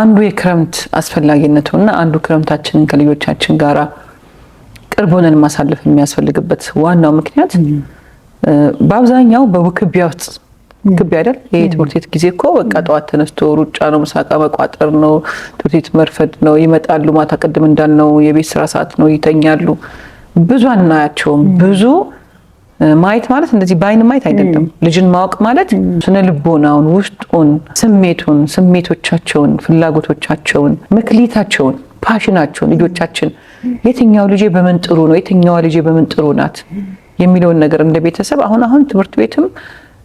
አንዱ የክረምት አስፈላጊነቱ እና አንዱ ክረምታችንን ከልጆቻችን ጋራ ቅርቡንን ማሳለፍ የሚያስፈልግበት ዋናው ምክንያት በአብዛኛው በውክቢያ ውስጥ ግቢ አይደል? ይህ ትምህርት ቤት ጊዜ እኮ በቃ ጠዋት ተነስቶ ሩጫ ነው፣ ምሳቃ መቋጠር ነው፣ ትምህርት ቤት መርፈድ ነው። ይመጣሉ፣ ማታ ቅድም እንዳልነው የቤት ስራ ሰዓት ነው፣ ይተኛሉ። ብዙ አናያቸውም ብዙ ማየት ማለት እንደዚህ በአይን ማየት አይደለም። ልጅን ማወቅ ማለት ስነ ልቦናውን፣ ውስጡን፣ ስሜቱን፣ ስሜቶቻቸውን፣ ፍላጎቶቻቸውን፣ መክሊታቸውን፣ ፓሽናቸውን ልጆቻችን የትኛው ልጄ በምን ጥሩ ነው፣ የትኛዋ ልጄ በምን ጥሩ ናት የሚለውን ነገር እንደ ቤተሰብ አሁን አሁን ትምህርት ቤትም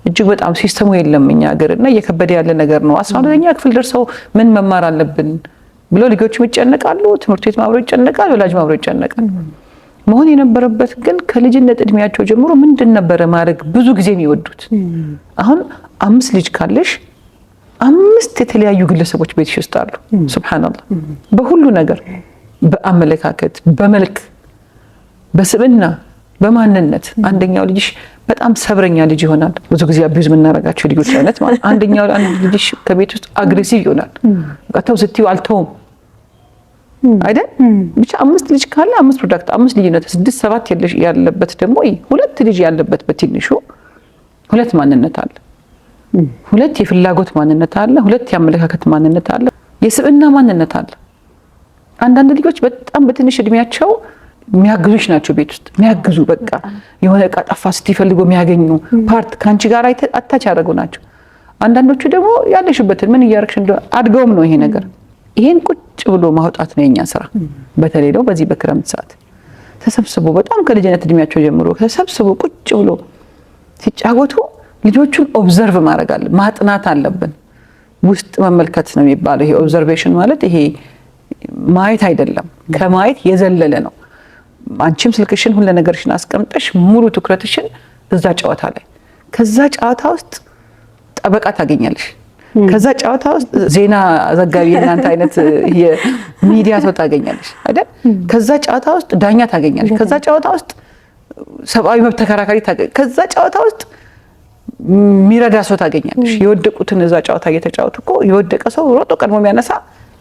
እጅግ በጣም ሲስተሙ የለም እኛ ሀገር እና እየከበደ ያለ ነገር ነው። አስራ ሁለተኛ ክፍል ደርሰው ምን መማር አለብን ብሎ ልጆችም ይጨነቃሉ። ትምህርት ቤት ማብሮ ይጨነቃል። ወላጅ ማብሮ ይጨነቃል። መሆን የነበረበት ግን ከልጅነት እድሜያቸው ጀምሮ ምንድን ነበረ ማድረግ ብዙ ጊዜ የሚወዱት? አሁን አምስት ልጅ ካለሽ አምስት የተለያዩ ግለሰቦች ቤትሽ ውስጥ አሉ። ሱብሃነላህ በሁሉ ነገር፣ በአመለካከት፣ በመልክ፣ በስብና፣ በማንነት። አንደኛው ልጅሽ በጣም ሰብረኛ ልጅ ይሆናል። ብዙ ጊዜ አቢዩዝ የምናደርጋቸው ልጆች አይነት ማለት አንደኛው ልጅሽ ከቤት ውስጥ አግሬሲቭ ይሆናል። ተው ስትይው አልተውም አይደል ብቻ አምስት ልጅ ካለ አምስት ፕሮዳክት አምስት ልዩነት ስድስት ሰባት ያለበት ደግሞ ሁለት ልጅ ያለበት በትንሹ ሁለት ማንነት አለ፣ ሁለት የፍላጎት ማንነት አለ፣ ሁለት የአመለካከት ማንነት አለ፣ የስብዕና ማንነት አለ። አንዳንድ ልጆች በጣም በትንሽ እድሜያቸው የሚያግዙች ናቸው። ቤት ውስጥ የሚያግዙ በቃ የሆነ እቃ ጠፋ ስትፈልጉ የሚያገኙ ፓርት ከአንቺ ጋር አታች ያደረጉ ናቸው። አንዳንዶቹ ደግሞ ያለሽበትን ምን እያረግሽ እያደረግሽ አድገውም ነው ይሄ ነገር ይሄን ቁጭ ብሎ ማውጣት ነው የኛ ስራ። በተለይ ደግሞ በዚህ በክረምት ሰዓት ተሰብስቦ በጣም ከልጅነት እድሜያቸው ጀምሮ ተሰብስቦ ቁጭ ብሎ ሲጫወቱ ልጆቹን ኦብዘርቭ ማድረግ አለ ማጥናት አለብን። ውስጥ መመልከት ነው የሚባለው። ይሄ ኦብዘርቬሽን ማለት ይሄ ማየት አይደለም፣ ከማየት የዘለለ ነው። አንቺም ስልክሽን ሁለ ነገርሽን አስቀምጠሽ ሙሉ ትኩረትሽን እዛ ጨዋታ ላይ ከዛ ጨዋታ ውስጥ ጠበቃ ታገኛለሽ። ከዛ ጨዋታ ውስጥ ዜና ዘጋቢ እናንተ አይነት የሚዲያ ሰው ታገኛለሽ አይደል? ከዛ ጨዋታ ውስጥ ዳኛ ታገኛለሽ። ከዛ ጨዋታ ውስጥ ሰብአዊ መብት ተከራካሪ ታገኛለሽ። ከዛ ጨዋታ ውስጥ የሚረዳ ሰው ታገኛለሽ። የወደቁትን እዛ ጨዋታ እየተጫወቱ እኮ የወደቀ ሰው ሮጦ ቀድሞ የሚያነሳ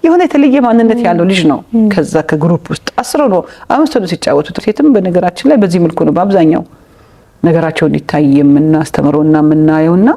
የሆነ የተለየ ማንነት ያለው ልጅ ነው። ከዛ ከግሩፕ ውስጥ አስሮ ነው አምስት ነው ሲጫወቱት። ሴትም በነገራችን ላይ በዚህ መልኩ ነው በአብዛኛው ነገራቸው እንዲታይ የምናስተምረውና የምናየውና